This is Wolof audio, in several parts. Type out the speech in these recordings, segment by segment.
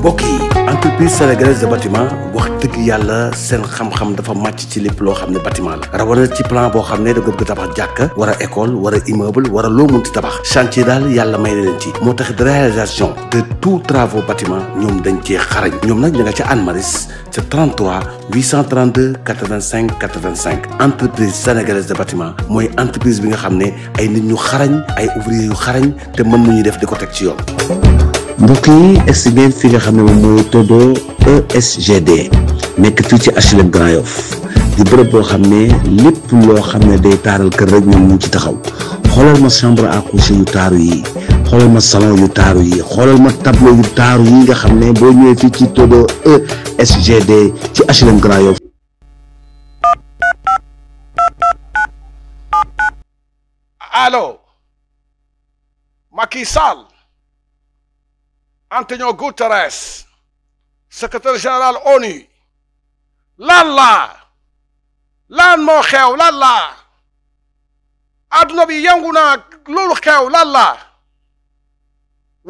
mbokk yi entreprise sénégalaise de bâtiment wax dëgg yàlla seen xam-xam dafa màcc ci lépp loo xam ne bâtiment la rawana ci plan boo xam ne da nga bëgg tabax jàkka wala école wala immeuble wala loo munti tabax chantier daal yàlla may na leen ci moo tax de réalisation de tout travaux bâtiment ñoom dañ cee xarañ ñoom nag ña nga ca Anne Maris ca 33 832 85 entreprise sénégalaise de bâtiment mooy entreprise bi nga xam ne ay nit ñu xarañ ay ouvrier yu xarañ te mën nañu def di ko teg ci yoon mbokk yi egsi fi nga xam ne moom mooy Todo ESGD nekk fii ci HLM Grand di bërëb boo xam ne lépp loo xam ne day taaral kër rek ñoom mu ci taxaw xoolal ma chambre à coucher yu taaru yi xoolal ma salon yu taaru yi xoolal ma tableau yu taaru yi nga xam ne boo ñëwee fii ci Todo ESGD ci HLM Grand Yoff allo Macky Sall Antonio Guterres, secrétaire général ONU lan laa lan moo xeew lan laa adduna bi yëngu naa loolu xeew lan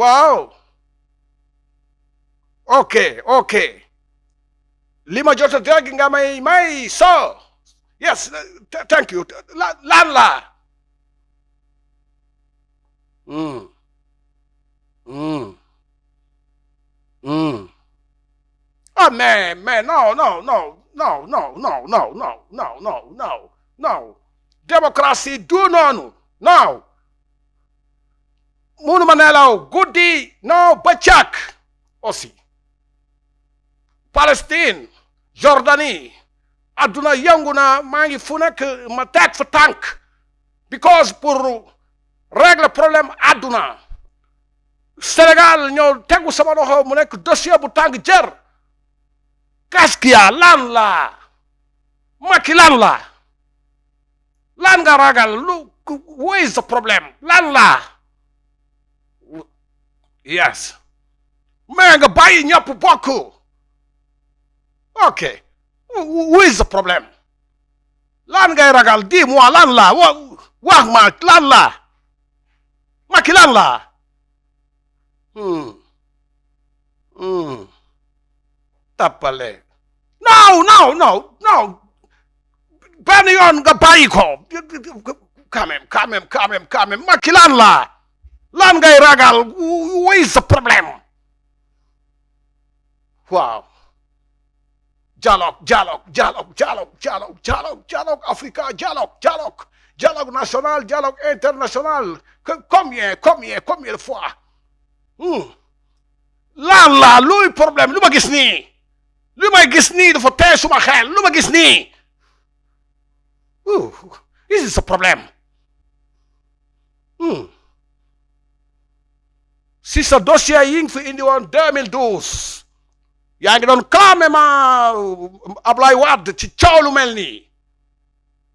waaw ok ok li ma jot a may may so yes thank you lan laa mm mm Mm. Oh man, man, no, no, no, no, no, no, no, no, no, Democracy do noonu no munu ma nelaw guddi no bëccëg aussi Palestine Jordanie adduna yëngu na maa ngi fu ma teg fa tànk because pour régler problème adduna Sénégal ñoo tegu sama loxo mu nekk dossier bu tàng jër Kaskia lan laa Macky lan laa lan nga ragal lu where is the problem lan laa yes mais nga bàyyi ñëpp bokk ok where is the problem lan ngay ragal dis-moi lan laa wa wax ma lan laa Macky lan Hmm. Hmm. Tappale. naaw naaw naaw naaw benn yoon nga bàyyi ko quand même quand même quand même quand même la lan ngay ragal way sa problème waaw dialogue dialogue dialogue dialogue dialogue dialogue dialogue africain dialogue dialogue dialogue national dialogue international combien combien combien de fois laan laa luy problème lu ma gis nii lu ma gis nii dafa tee suma xel lu ma gis nii this is a problème si sa dossier yi nga fi indi woon 2012 yaa ngi doon ma euh, Ablaye Wade ci coow lu mel nii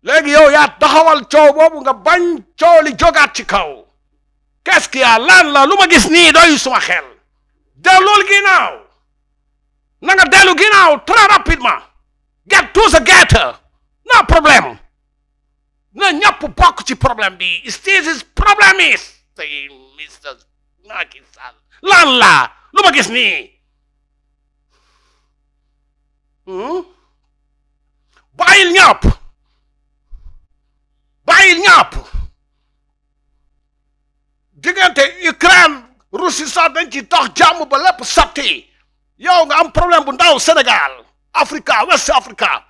léegi yow yaa taxawal coow boobu nga bañ coow li jogaat ci kaw quest lan la lu ma gis nii doy suma xel dellul ginnaaw na nga dellu ginnaaw très rapidement get to the getter no problème na ñëpp bokk ci problème bi this is problem is lan la lu ma gis nii hmm? bàyyil ñàpp bàyyil ñàpp Russie dañ ci tax jàmm ba lépp satti yow nga am problème bu ndaw Sénégal Africa West Africa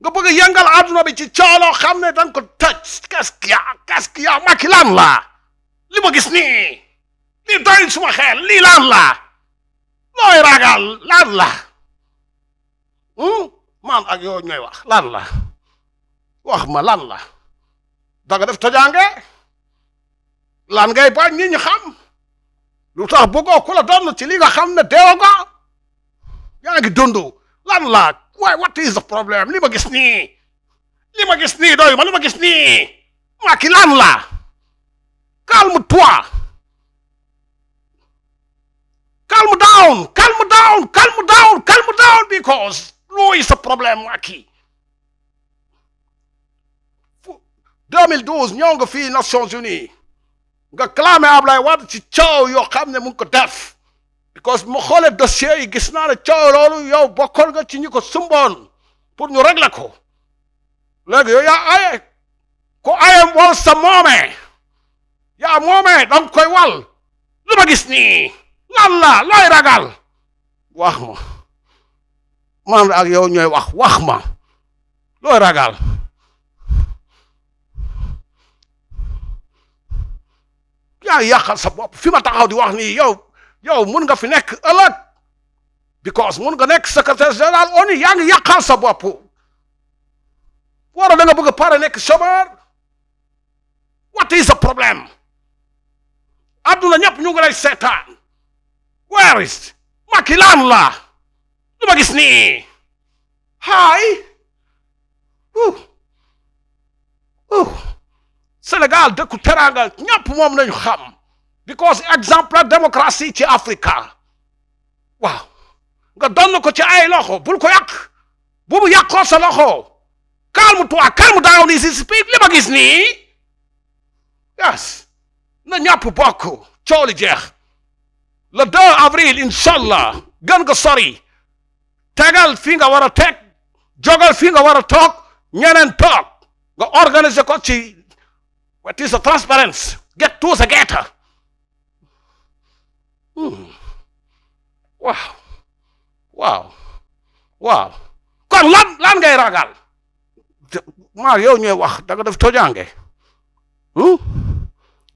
nga bëgg a yëngal àdduna bi ci cooloo xam ne dañ ko tëj Kaskia Kaskia Macky lan la li ma gis nii lii doyul suma xel lii lan la looy ragal lan la hmm? man ak yow ñooy wax la wax ma lan la da nga def tojange lan ngay bañ nit ñi xam lu tax bëggoo ku la doon ci li nga xam na deewa nga yaa ngi dund lan la waaye what is the problème li ma gis nii li ma gis nii doyu ma li ma gis nii waa ki lan la calme toi calme down calme down calme down calme down because lu is the problème waa ki 2012 ñëw nga fii Nations Unies nga clamé Ablaye Wade ci coow yoo xam ne mu ngi ko def because mu xoolee dossier yi gis naa ne coow loolu yow bokkoon nga ci ñi ko sumboon pour ñu régler ko léegi yow yaa aye ku aye wal sa moomee yaa moomee danga koy wal li ma gis nii lan la looy ragal wax ma man ak yow ñooy wax wax ma looy ragal yaa yàqal sa bopp fi ma taxaw di wax nii yow yow mun nga fi nekk ëllëg because mun nga nekk secrétaire général ONU yaa ngi yàqal sa bopp wara da nga bëgg a pare nekk chômeur what is the problème adduna ñëpp ñu ngi lay seetaan lu ma gis nii Sénégal dëkku teraanga ñëpp moom lañu xam di cause exemple ci Africa waaw nga donn ko ci ay loxo bul ko yàq bu mu yàqoo sa loxo calme toi calme down is speak li ma gis nii yes na ñàpp bokk coow li jeex le 2 avril incha gën nga sori tegal fi nga war a teg jogal fii nga war a toog ñeneen nga organiser ko ci What is the transparency? Get to the getter. Hmm. waaw waaw waaw kon lan lan ngay ragal maa yow ñooy wax da def tojange hmm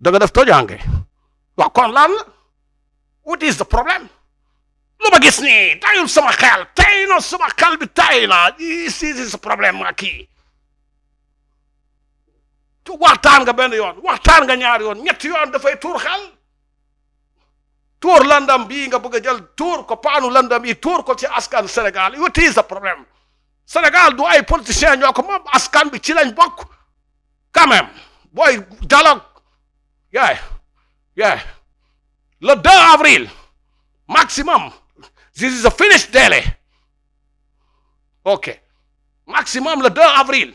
da nga def tojange waaw kon lan what is the problem lu ma gis nii tayul sama xel tay na sama xel bi tay na this is the problem ma kii waxtaan nga benn yoon waxtaan nga ñaari yoon ñett yoon dafay tuur xel tuur landam bii nga bëgg a jël tuur ko paanu landam yi tuur ko ci askan Sénégal you is the problème Sénégal du ay politiciens ñoo ko moom askan bi ci lañ bokk quand même booy dialogue yeah le 2 avril maximum this is a finish délai ok maximum le 2 avril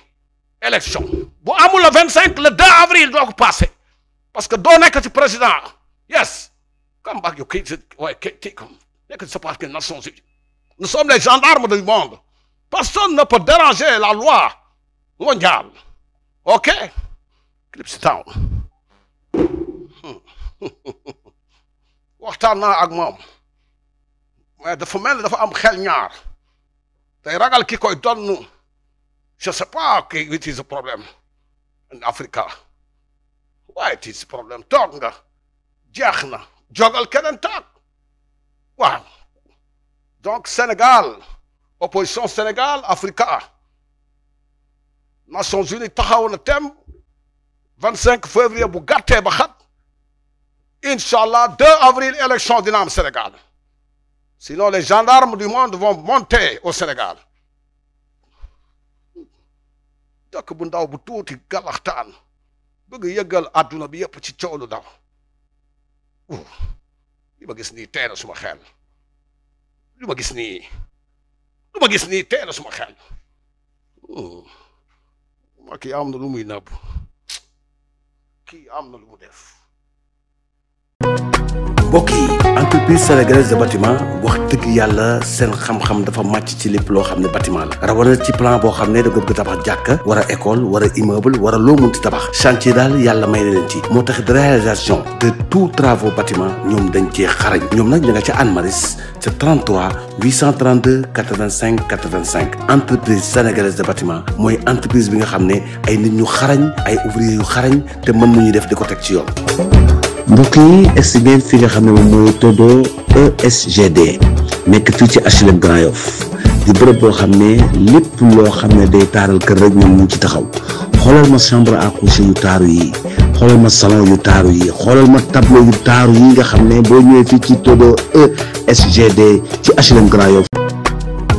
élection bu amul le vingt le deux avril doo ko parce que doo nekk ci président yes come back you kids ouais kii comme nekk ci sa parti Nations Unies nous sommes les gendarmes du monde personne ne peut déranger la loi mondiale ok clips down waxtaan naa ak moom mais dafa mel ni dafa am xel ñaar tey ragal ki koy donn Je ne sais pas okay, which is in Africa. waaye it is the problem toog nga jeex na jogal keneen toog waaw donc Sénégal opposition Sénégal Africa Nations Unies taxaw na tem cinq février bu gàttee ba xat incha allah 2 avril élection dina am Sénégal sinon les gendarmes du monde vont monter au Sénégal dëkk bu ndaw bu tuuti galaxtaan bëgg yëggal àdduna bi yëpp ci coow lu daw li gis nii tey na suma xel li ma gis nii li ma gis nii tey na suma xel hmm, ma kii am lu muy nëbb kii am na lu mu def biir sénégalaise de bâtiment wax dëgg yàlla seen xam-xam dafa màcc ci lépp loo xam ne bâtiment la rawatina ci plan boo xam ne da nga bëgg tabax jàkka war a école war a immeuble war a loo munti tabax chantier daal yàlla may na leen ci moo tax réalisation de tout travaux bâtiment ñoom dañ cee xarañ ñoom nag ña nga ca Anmaris ca 33 832 85 85 entreprise sénégalaise de bâtiment mooy entreprise bi nga xam ne ay nit ñu xarañ ay ouvrier yu xarañ te mën ñuy def di ko teg ci yoon mbokk yi fi nga xam ne moom mooy Todo ESGD nekk fii ci HLM Grand Yoff di bërëb boo xam ne lépp loo xam ne day taaral kër rek ñoom mu ci taxaw xoolal ma chambre à coucher yu taaru yi xoolal ma salon yu taar yi xoolal ma tableau yu taaru yi nga xam ne boo ñëwee fii ci Todo ESGD ci HLM Grand Yoff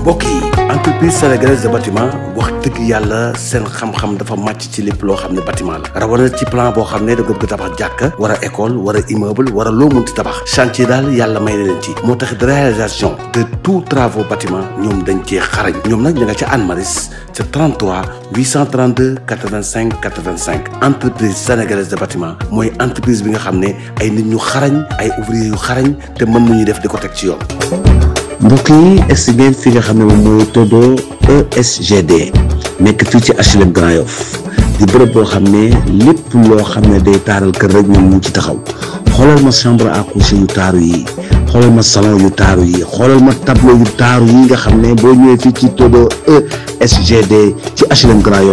mbokk yi entreprise sénégalaise de bâtiment wax dëgg yàlla seen xam-xam dafa màcc ci lépp loo xam ne bâtiment la rawana ci plan boo xam ne da nga bëgg tabax jàkka wara école wala immeuble wala loo mënti tabax chantier daal yàlla may na leen ci moo tax réalisation de tout travaux bâtiment ñoom dañ cee xarañ ñoom nag ña nga ca Anne Maris ca 33 832 85 85 entreprise sénégalaise de bâtiment mooy entreprise bi nga xam ne ay nit ñu xarañ ay ouvrier yu xarañ te mën mu ñuy def di ko teg ci yoon mbokk yi egsi ngeen fi nga xam ne moom mooy Todo ESGD nekk fii ci HLM Grand Yoff di bërëb boo xam ne lépp loo xam ne day taaral kër rek ñoom mu ci taxaw xoolal ma chambre à coucher yu taaru yi xoolal ma salon yu taar yi xoolal ma tableau yu taaru yi nga xam ne boo ñëwee fii ci Todo ESGD ci HLM Grand Yoff